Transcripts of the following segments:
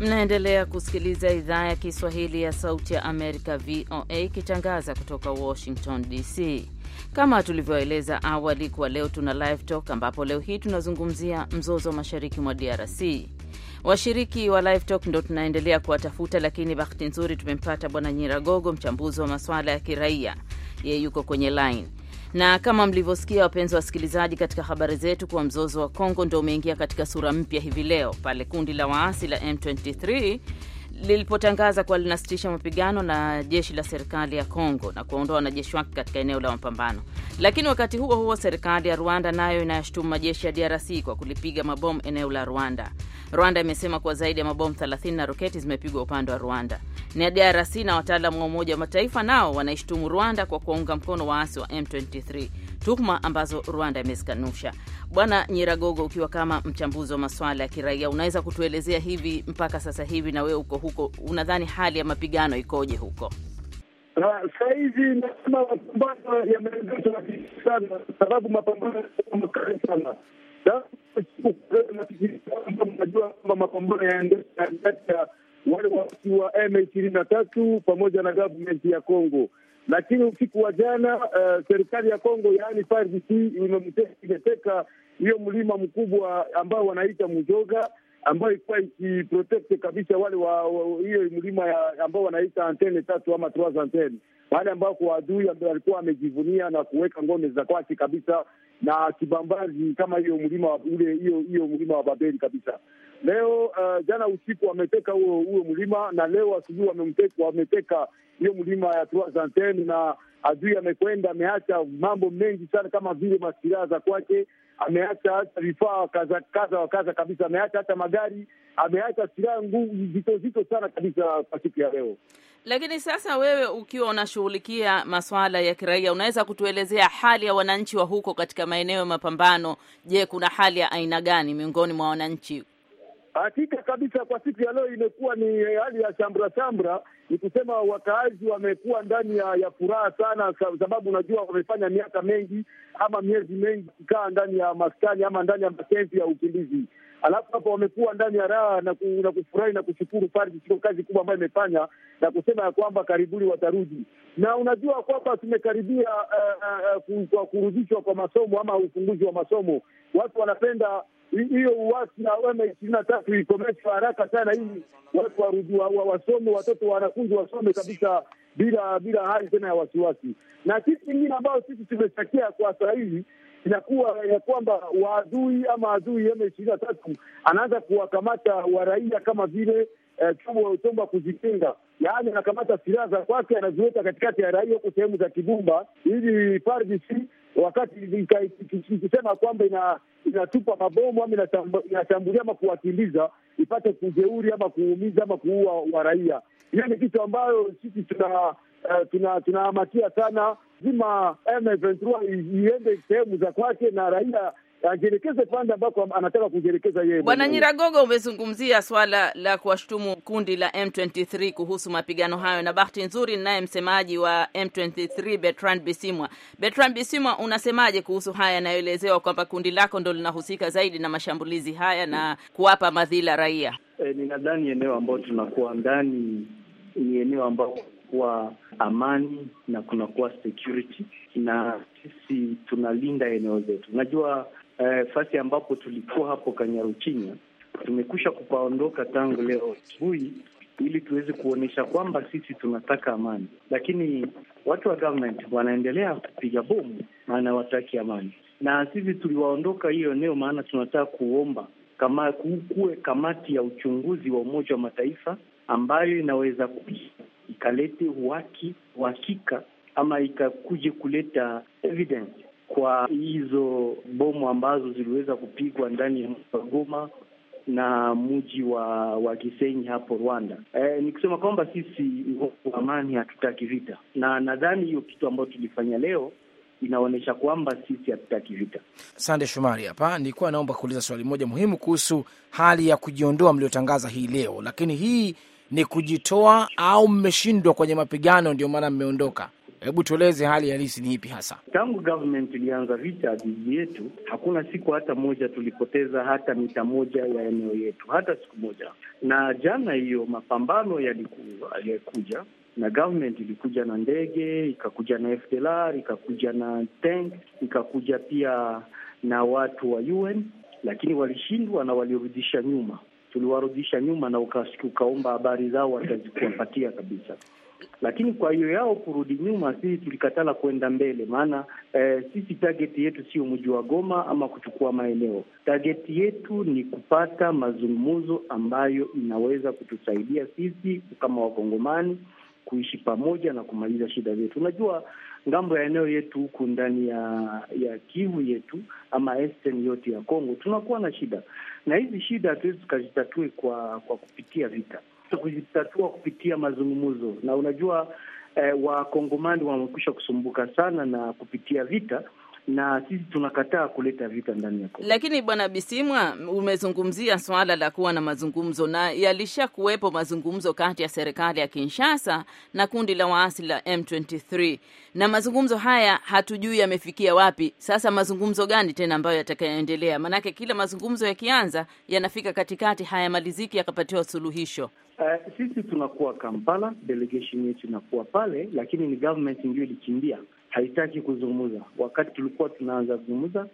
Mnaendelea kusikiliza idhaa ya Kiswahili ya Sauti ya Amerika, VOA, ikitangaza kutoka Washington DC. Kama tulivyoeleza awali kuwa leo tuna live talk, ambapo leo hii tunazungumzia mzozo wa mashariki mwa DRC. Washiriki wa live talk ndo tunaendelea kuwatafuta, lakini bahati nzuri tumempata Bwana Nyiragogo, mchambuzi wa masuala ya kiraia, yeye yuko kwenye line. Na kama mlivyosikia, wapenzi wa wasikilizaji, katika habari zetu kuwa mzozo wa Kongo ndio umeingia katika sura mpya hivi leo pale kundi la waasi la M23 lilipotangaza kuwa linasitisha mapigano na jeshi la serikali ya Kongo na kuwaondoa wanajeshi wake katika eneo la mapambano. Lakini wakati huo huo, serikali ya Rwanda nayo inayoshutumu majeshi ya DRC kwa kulipiga mabomu eneo la Rwanda. Rwanda imesema kuwa zaidi ya mabomu 30 na roketi zimepigwa upande wa Rwanda. Na DRC na wataalamu wa Umoja wa Mataifa nao wanaishtumu Rwanda kwa kuwaunga mkono waasi wa M23, tuhuma ambazo Rwanda imezikanusha. Bwana Nyiragogo, ukiwa kama mchambuzi wa masuala ya kiraia, unaweza kutuelezea hivi mpaka sasa hivi, na wewe uko huko, unadhani hali ya mapigano ikoje huko? Saa hizi nasema mapambano yameendelea sana, sababu mapambano makali sana Najua kwamba mapambano yanaendelea kati ya wale waasi wa M ishirini na tatu pamoja na gavumenti ya Congo, lakini usiku wa jana uh, serikali ya Congo yaani FARDC imeteka hiyo mlima mkubwa ambao wanaita Mujoga ambayo ilikuwa ikiprotekte kabisa wale wa hiyo mlima ambao wanaita antene tatu ama trois antene, wale ambao kwa adui alikuwa amejivunia na kuweka ngome za kwake kabisa na kibambazi kama hiyo mlima ule hiyo hiyo mlima wa Babeli kabisa. Leo uh, jana usiku wameteka huo huo mlima na leo asubuhi wamemteka wameteka hiyo mlima ya Trois Antennes, na adui amekwenda ameacha mambo mengi sana kama vile masilaha za kwake ameacha hata vifaa kaza kaza wa kaza kabisa, ameacha hata magari, ameacha silaha nguvu zito zito sana kabisa kwa siku ya leo. Lakini sasa, wewe ukiwa unashughulikia masuala ya kiraia, unaweza kutuelezea hali ya wananchi wa huko katika maeneo ya mapambano? Je, kuna hali ya aina gani miongoni mwa wananchi Hakika kabisa kwa siku ya leo imekuwa ni hali ya shambra shambra, ni kusema wakaazi wamekuwa ndani ya, ya furaha sana, sababu unajua wamefanya miaka mengi ama miezi mengi kikaa ndani ya maskani ama ndani ya makenzi ya ukimbizi, alafu hapo wamekuwa ndani ya raha na, ku, na kufurahi na kushukuru pari sio kazi kubwa ambayo imefanya na kusema ya kwamba karibuni watarudi, na unajua kwamba tumekaribia uh, uh, kwa kurudishwa kwa masomo ama ufunguzi wa masomo, watu wanapenda hiyo uasi na wema ishirini na tatu ikomeshwa haraka sana, ili watu warudi wasome, watoto wanafunzi wasome kabisa bila bila hali tena ya wasiwasi. Na kitu kingine ambayo sisi tumeshakia kwa saa inakuwa ya kwamba waadui ama adui M ishirini na tatu anaanza kuwakamata waraia kama vile Eh, chumba kuzipinga yaani anakamata silaha za kwake anaziweka katikati ya raia huko sehemu za Kibumba, ili FARDC wakati ikisema kwamba ina inatupa mabomu ama inashambulia ama kuwakimbiza ipate kujeuri ama kuumiza ama kuua wa raia. Hiyo ni kitu ambayo sisi tuna uh, eh, tunaamatia tuna sana zima M23 iende sehemu za kwake na raia ajielekeze pande ambako anataka kujielekeza yeye. Bwana Nyiragogo, umezungumzia swala la kuwashutumu kundi la M23 kuhusu mapigano hayo, na bahati nzuri ninaye msemaji wa M23 Bertrand Bisimwa. Bertrand Bisimwa, unasemaje kuhusu haya yanayoelezewa kwamba kundi lako ndo linahusika zaidi na mashambulizi haya na kuwapa madhila raia? E, ninadhani eneo ambayo tunakuwa ndani ni eneo ambao kuwa amani na kunakuwa security, na sisi tunalinda eneo zetu. Unajua Eh, fasi ambapo tulikuwa hapo Kanyaruchinya, tumekusha kupaondoka tangu leo asubuhi ili tuweze kuonyesha kwamba sisi tunataka amani, lakini watu wa government wanaendelea kupiga bomu, maana wataki amani. Na sisi tuliwaondoka hiyo eneo, maana tunataka kuomba kama kuwe kamati ya uchunguzi wa Umoja wa Mataifa ambayo inaweza ikalete uhaki uhakika ama ikakuje kuleta evidence kwa hizo bomu ambazo ziliweza kupigwa ndani ya mji wa Goma na mji wa wa Gisenyi hapo Rwanda. E, ni kusema kwamba sisi amani hatutaki vita, na nadhani hiyo kitu ambayo tulifanya leo inaonyesha kwamba sisi hatutaki vita. Sande shumari hapa nilikuwa naomba kuuliza swali moja muhimu kuhusu hali ya kujiondoa mliotangaza hii leo, lakini hii ni kujitoa au mmeshindwa kwenye mapigano ndio maana mmeondoka? Hebu tueleze hali halisi ni ipi hasa? Tangu government ilianza vita dhidi yetu, hakuna siku hata moja tulipoteza hata mita moja ya eneo yetu, hata siku moja. Na jana hiyo mapambano yalikuja na government ilikuja na ndege, ikakuja na FDLR, ikakuja na tank, ikakuja pia na watu wa UN, lakini walishindwa na waliorudisha nyuma tuliwarudisha nyuma na ukaomba habari zao watazikuwapatia kabisa. Lakini kwa hiyo yao kurudi nyuma, sisi tulikatala kwenda mbele, maana eh, sisi target yetu sio mji wa Goma ama kuchukua maeneo. Target yetu ni kupata mazungumzo ambayo inaweza kutusaidia sisi kama Wakongomani kuishi pamoja na kumaliza shida zetu. Unajua ngambo ya eneo yetu huku ndani ya ya Kivu yetu ama esten yote ya Kongo, tunakuwa na shida, na hizi shida hatuwezi tukazitatue kwa kwa kupitia vita, kuzitatua kupitia mazungumzo. Na unajua eh, wakongomani wamekwisha kusumbuka sana na kupitia vita na sisi tunakataa kuleta vita ndani ya Kongo. Lakini bwana Bisimwa, umezungumzia swala la kuwa na mazungumzo, na yalisha kuwepo mazungumzo kati ya serikali ya Kinshasa na kundi la waasi la M23, na mazungumzo haya hatujui yamefikia wapi. Sasa mazungumzo gani tena ambayo yatakayoendelea? Maanake kila mazungumzo yakianza yanafika katikati, hayamaliziki yakapatiwa suluhisho. Uh, sisi tunakuwa Kampala, delegation yetu inakuwa pale, lakini ni government ndio ilikimbia haitaki kuzungumza. Wakati tulikuwa tunaanza kuzungumza,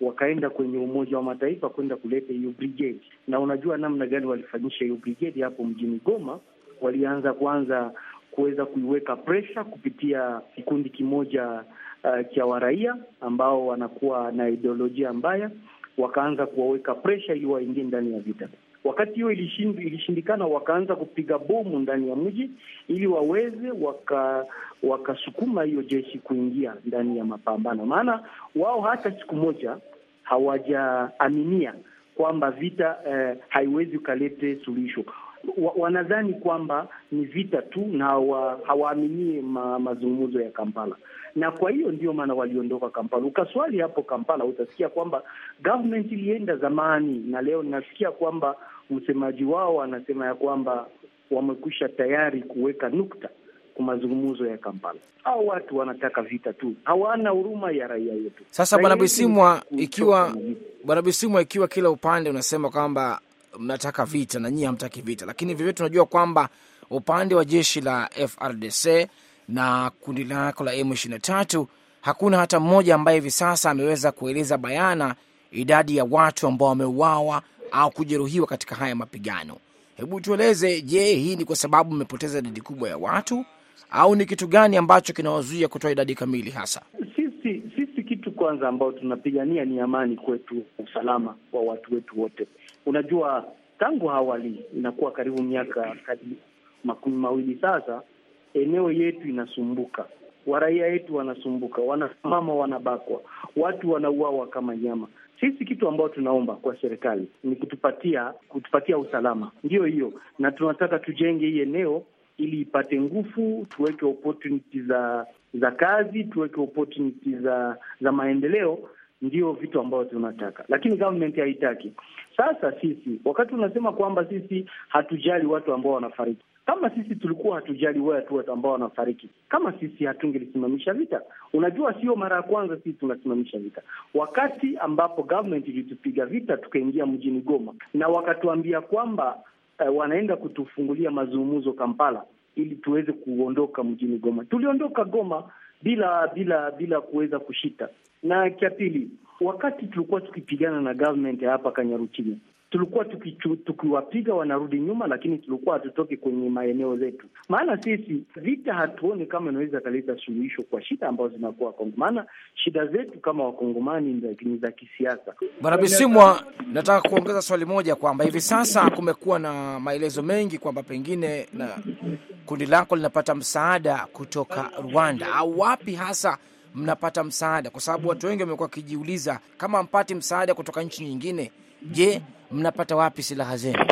wakaenda kwenye Umoja wa Mataifa kwenda kuleta hiyo brigade, na unajua namna gani walifanyisha hiyo brigade hapo mjini Goma. Walianza kuanza kuweza kuiweka presha kupitia kikundi kimoja uh, cha waraia ambao wanakuwa na ideolojia mbaya, wakaanza kuwaweka presha ili waingie ndani ya vita. Wakati hiyo ilishindikana, wakaanza kupiga bomu ndani ya mji ili waweze wakasukuma waka hiyo jeshi kuingia ndani ya mapambano, maana wao hata siku moja hawajaaminia kwamba vita eh, haiwezi ukalete suluhisho. Wanadhani kwamba ni vita tu na hawaaminie ma, mazungumzo ya Kampala, na kwa hiyo ndio maana waliondoka Kampala. Ukaswali hapo Kampala, utasikia kwamba government ilienda zamani, na leo nasikia kwamba msemaji wao anasema ya kwamba wamekwisha tayari kuweka nukta kwa mazungumzo ya Kampala. Hao watu wanataka vita tu, hawana huruma ya raia yetu. Sasa Bwana Bisimwa, ikiwa Bwana Bisimwa, ikiwa kila upande unasema kwamba mnataka vita na nyinyi hamtaki vita, lakini vivyo tunajua kwamba upande wa jeshi la FRDC na kundi lako la M23 hakuna hata mmoja ambaye hivi sasa ameweza kueleza bayana idadi ya watu ambao wameuawa au kujeruhiwa katika haya mapigano. Hebu tueleze, je, hii ni kwa sababu mmepoteza idadi kubwa ya watu au ni kitu gani ambacho kinawazuia kutoa idadi kamili hasa? Sisi sisi, kitu kwanza ambao tunapigania ni amani kwetu, usalama wa watu wetu wote. Unajua, tangu awali inakuwa karibu miaka karibu makumi mawili sasa, eneo yetu inasumbuka, waraia wetu wanasumbuka, wanamama wanabakwa, watu wanauawa kama nyama. Sisi kitu ambao tunaomba kwa serikali ni kutupatia kutupatia usalama, ndiyo hiyo, na tunataka tujenge hii eneo ili ipate nguvu, tuweke opportunity za za kazi, tuweke opportunity za za maendeleo. Ndio vitu ambavyo tunataka, lakini government haitaki. Sasa sisi wakati unasema kwamba sisi hatujali watu ambao wanafariki, kama sisi tulikuwa hatujali watu ambao wanafariki, kama sisi hatungelisimamisha vita. Unajua, sio mara ya kwanza sisi tunasimamisha vita. Wakati ambapo government ilitupiga vita, tukaingia mjini Goma na wakatuambia kwamba eh, wanaenda kutufungulia mazungumzo Kampala ili tuweze kuondoka mjini Goma. Tuliondoka Goma bila bila bila kuweza kushita. Na cha pili, Wakati tulikuwa tukipigana na government hapa Kanyaruchinya, tulikuwa tukiwapiga tuki wanarudi nyuma, lakini tulikuwa hatutoki kwenye maeneo zetu. Maana sisi vita hatuoni kama inaweza kaleta suluhisho kwa shida ambazo zinakuwa Kongo, maana shida zetu kama wakongomani ni za kisiasa. Bwana Bisimwa, nataka kuongeza swali moja kwamba hivi sasa kumekuwa na maelezo mengi kwamba pengine na kundi lako linapata msaada kutoka Rwanda au wapi hasa mnapata msaada? Kwa sababu watu wengi wamekuwa wakijiuliza, kama mpati msaada kutoka nchi nyingine, je, mnapata wapi silaha zenu?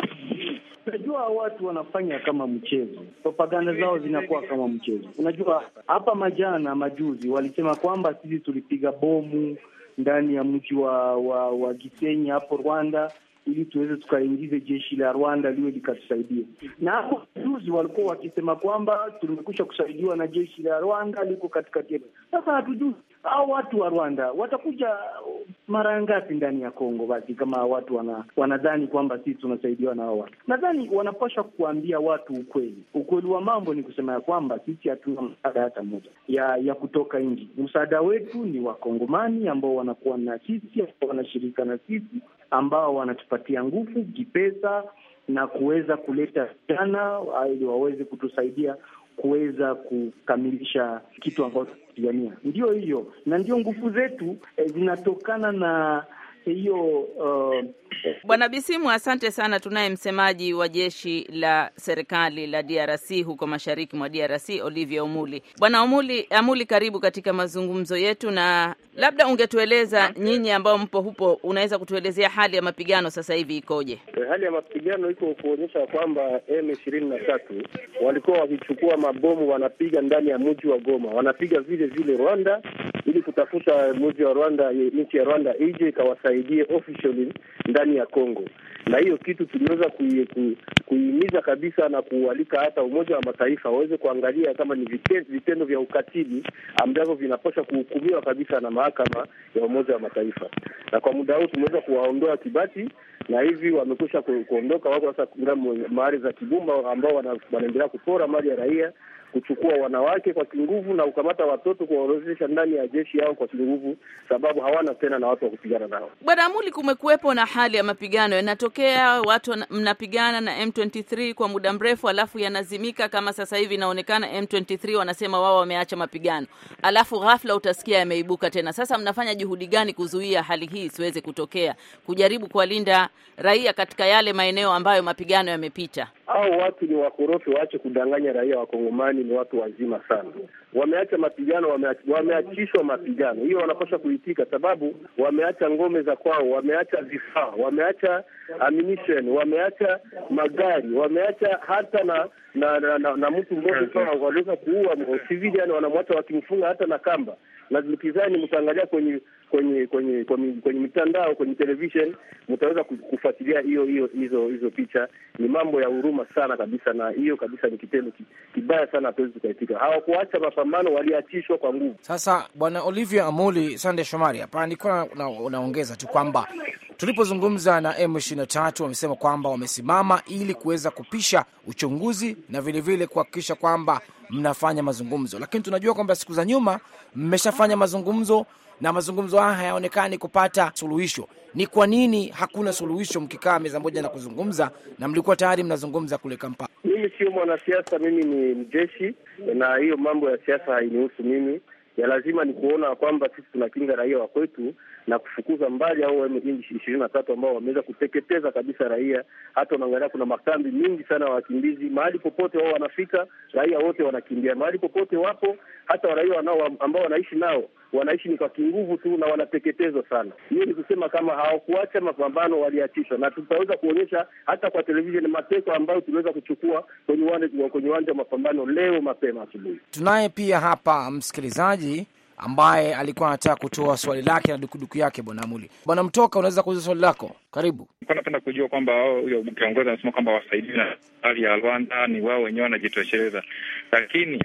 Unajua, watu wanafanya kama mchezo, propaganda zao zinakuwa kama mchezo. Unajua, hapa majana majuzi walisema kwamba sisi tulipiga bomu ndani ya mji wa, wa, wa Gisenyi hapo Rwanda ili tuweze tukaingize jeshi la Rwanda liwe likatusaidia. Na hapo juzi walikuwa wakisema kwamba tumekwisha kusaidiwa na jeshi la Rwanda liko katikati yetu. Sasa hatujui hao watu wa Rwanda watakuja mara ngapi ndani ya Kongo? Basi kama watu wana, wanadhani kwamba sisi tunasaidiwa na hao watu, nadhani wanapaswa kuambia watu ukweli. Ukweli wa mambo ni kusema ya kwamba sisi hatuna msaada hata moja ya ya kutoka nji. Msaada wetu ni Wakongomani ambao wanakuwa na sisi, ambao wanashirika na sisi, ambao wanatupatia nguvu kipesa na kuweza kuleta vijana ili waweze kutusaidia kuweza kukamilisha kitu ambacho tunapigania. Ndio hiyo na ndio nguvu zetu eh, zinatokana na hiyo uh... Bwana Bisimu, asante sana. Tunaye msemaji wa jeshi la serikali la DRC huko mashariki mwa DRC, Olivia Omuli. Bwana Omuli, Amuli, karibu katika mazungumzo yetu, na labda ungetueleza nyinyi ambao mpo hupo, unaweza kutuelezea hali ya mapigano sasa hivi ikoje? Eh, hali ya mapigano iko kuonyesha kwamba M ishirini na tatu walikuwa wakichukua mabomu, wanapiga ndani ya mji wa Goma, wanapiga vile vile Rwanda ili kutafuta mji wa Rwanda, nchi ya Rwanda ije ikawasaidie officially ndani ya Congo. Na hiyo kitu tuliweza kuihimiza kabisa na kualika hata Umoja wa Mataifa waweze kuangalia kama ni vitendo vya ukatili ambavyo vinapaswa kuhukumiwa kabisa na mahakama ya Umoja wa Mataifa. Na kwa muda huu tumeweza kuwaondoa Kibati na hivi wamekwisha kuondoka, wako sasa mahali za Kibumba ambao wanaendelea kupora mali ya raia kuchukua wanawake kwa kinguvu na kukamata watoto kuwaorozesha ndani ya jeshi yao kwa kinguvu, sababu hawana tena na watu wa kupigana nao. Bwana Muli, kumekuwepo na hali ya mapigano yanatokea, watu mnapigana na M23 kwa muda mrefu, alafu yanazimika. Kama sasa hivi inaonekana M23 wanasema wao wameacha mapigano, alafu ghafla utasikia yameibuka tena. Sasa mnafanya juhudi gani kuzuia hali hii isiweze kutokea, kujaribu kuwalinda raia katika yale maeneo ambayo mapigano yamepita? au watu ni wakorofi, waache kudanganya raia. Wakongomani ni watu wazima sana, wameacha mapigano, wameachishwa mapigano, hiyo wanapaswa kuitika, sababu wameacha ngome za kwao, wameacha vifaa, wameacha ammunition, wameacha magari, wameacha hata na na na, na, na mtu mmoja mm-hmm. kama waliweza kuua sivili, yani wanamwacha wakimfunga hata na kamba na zikizani, mtaangalia kwenye kwenye kwenye kwenye mitandao, kwenye television mtaweza kufuatilia hiyo hiyo hizo hizo picha. Ni mambo ya huruma sana kabisa, na hiyo kabisa ni kitendo kibaya sana, hatuwezi tukaitika. Hawakuacha mapambano, waliachishwa kwa nguvu. Sasa Bwana Olivia Amuli Sande Shomari hapa nilikuwa unaongeza tu kwamba tulipozungumza na M23 wamesema kwamba wamesimama ili kuweza kupisha uchunguzi na vilevile kuhakikisha kwamba mnafanya mazungumzo, lakini tunajua kwamba siku za nyuma mmeshafanya mazungumzo na mazungumzo haya hayaonekani kupata suluhisho. Ni kwa nini hakuna suluhisho mkikaa meza moja na kuzungumza, na mlikuwa tayari mnazungumza kule Kampala? Mimi sio mwanasiasa, mimi ni mjeshi, na hiyo mambo ya siasa hainihusu mimi. Ya lazima ni kuona kwamba sisi tunakinga raia wa kwetu na kufukuza mbali hao ishirini na tatu ambao wameweza kuteketeza kabisa raia. Hata unaangalia kuna makambi mingi sana ya wakimbizi, mahali popote wao wanafika, raia wote wanakimbia mahali popote wapo, hata raia ambao wanaishi nao wanaishi ni kwa kinguvu tu na wanateketezwa sana. Hiyo ni kusema kama hawakuacha mapambano, waliachishwa, na tutaweza kuonyesha hata kwa televisheni mateko ambayo tuliweza kuchukua kwenye uwanja wa mapambano leo mapema asubuhi. Tunaye pia hapa msikilizaji ambaye alikuwa anataka kutoa swali lake na dukuduku yake. Bwana Muli, Bwana Mtoka, unaweza kuuza swali lako, karibu. Napenda kujua kwamba huyo kiongozi anasema kwamba wasaidiwe na hali ya Rwanda, ni wao wenyewe wanajitosheleza, lakini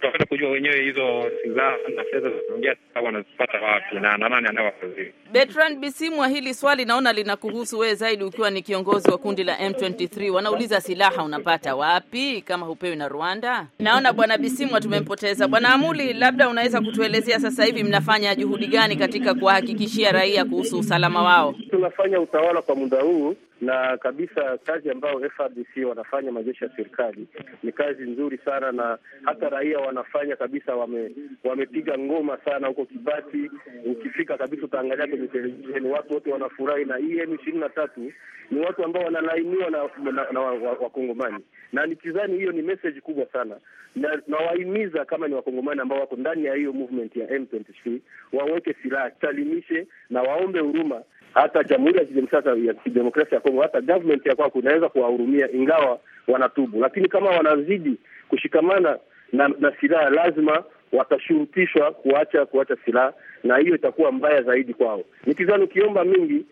tunapenda kujua wenyewe hizo silaha na fedha zinaingia wanazipata wapi na nani anayewafadhili. Bertrand Bisimwa, hili swali naona linakuhusu wewe zaidi, ukiwa ni kiongozi wa kundi la M23. Wanauliza silaha unapata wapi kama hupewi na Rwanda? Naona bwana Bisimwa tumempoteza. Bwana Amuli, labda unaweza kutuelezea sasa hivi mnafanya juhudi gani katika kuwahakikishia raia kuhusu usalama wao? Tunafanya utawala kwa muda huu na kabisa kazi ambayo FRDC wanafanya majeshi ya serikali ni kazi nzuri sana, na hata raia wanafanya kabisa, wame, wamepiga ngoma sana huko Kibati. Ukifika kabisa utaangalia kwenye televisheni, watu wote wanafurahi, na hii e M ishirini na tatu ni watu ambao wanalainiwa na, na, na Wakongomani wa, wa na nikizani hiyo ni message kubwa sana, na nawahimiza kama ni Wakongomani ambao wako ndani ya hiyo movement ya M23 waweke silaha, salimishe na waombe huruma hata Jamhuri ya Kidemokrasia ya Kongo, hata government ya kwako inaweza kuwahurumia, ingawa wanatubu, lakini kama wanazidi kushikamana na, na silaha lazima watashurutishwa kuacha kuacha silaha, na hiyo itakuwa mbaya zaidi kwao. Nikizani ukiomba mingi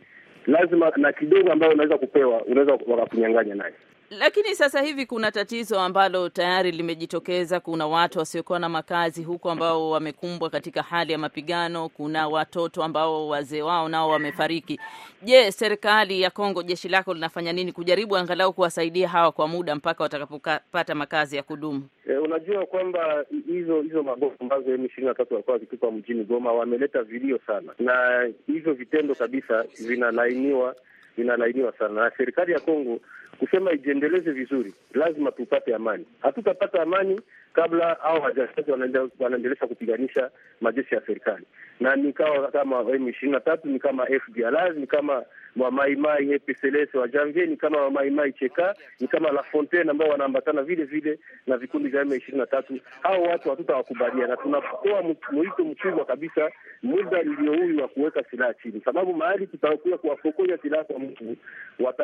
lazima na kidogo ambayo unaweza kupewa unaweza wakakunyang'anya naye. Lakini sasa hivi kuna tatizo ambalo tayari limejitokeza. Kuna watu wasiokuwa na makazi huko ambao wamekumbwa katika hali ya mapigano. Kuna watoto ambao wazee wao nao wamefariki. Je, serikali ya Kongo, jeshi lako linafanya nini kujaribu angalau kuwasaidia hawa kwa muda mpaka watakapopata makazi ya kudumu? E, unajua kwamba hizo hizo magofu ambazo M ishirini na tatu walikuwa wakitupa mjini Goma wameleta vilio sana, na hivyo vitendo kabisa vinalainiwa vinalainiwa sana na serikali ya Kongo kusema ijiendeleze vizuri, lazima tupate amani. Hatutapata amani kabla au wajahazi wanaendelesha kupiganisha majeshi ya serikali, na ni kama M ishirini na tatu, ni kama FDLR, ni kama Wamaimai Happy Celeste wa Janvier, ni kama Maimai Cheka, ni kama La Fontaine ambao wanaambatana vile vile na vikundi vya M23. Hao watu na Tunatoa mwito mkubwa kabisa, muda ndio huyu wa kuweka silaha chini, sababu mahali tutakuja kuwapokonya silaha kwa mtu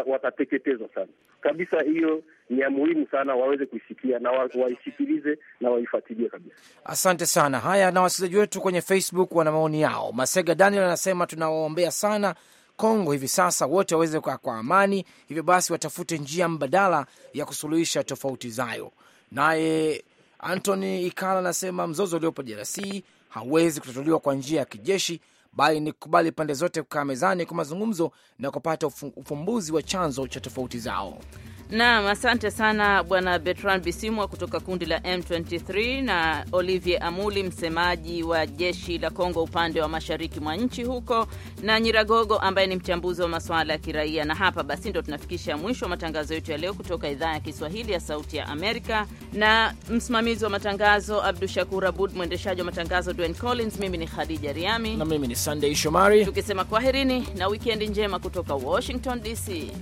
watateketezwa sana kabisa. Hiyo ni ya muhimu sana, waweze kuisikia na waisikilize na waifuatilie kabisa. Asante sana. Haya, na wasikilizaji wetu kwenye Facebook wana maoni yao. Masega Daniel anasema tunawaombea sana Kongo hivi sasa wote waweze kukaa kwa amani, hivyo basi watafute njia mbadala ya kusuluhisha tofauti zayo. Naye Antony Ikala anasema mzozo uliopo DRC hauwezi kutatuliwa kwa njia ya kijeshi, bali ni kukubali pande zote kukaa mezani kwa mazungumzo na kupata ufumbuzi wa chanzo cha tofauti zao. Naam, asante sana bwana Bertrand Bisimwa kutoka kundi la M23 na Olivier Amuli, msemaji wa jeshi la Kongo upande wa mashariki mwa nchi huko, na Nyiragogo ambaye ni mchambuzi wa masuala ya kiraia. Na hapa basi ndo tunafikisha mwisho wa matangazo yetu ya leo kutoka idhaa ya Kiswahili ya Sauti ya Amerika, na msimamizi wa matangazo Abdu Shakur Abud, mwendeshaji wa matangazo Dwayne Collins, mimi ni Khadija Riami na mimi ni Sunday Shomari, tukisema kwaherini na wikendi njema kutoka Washington DC.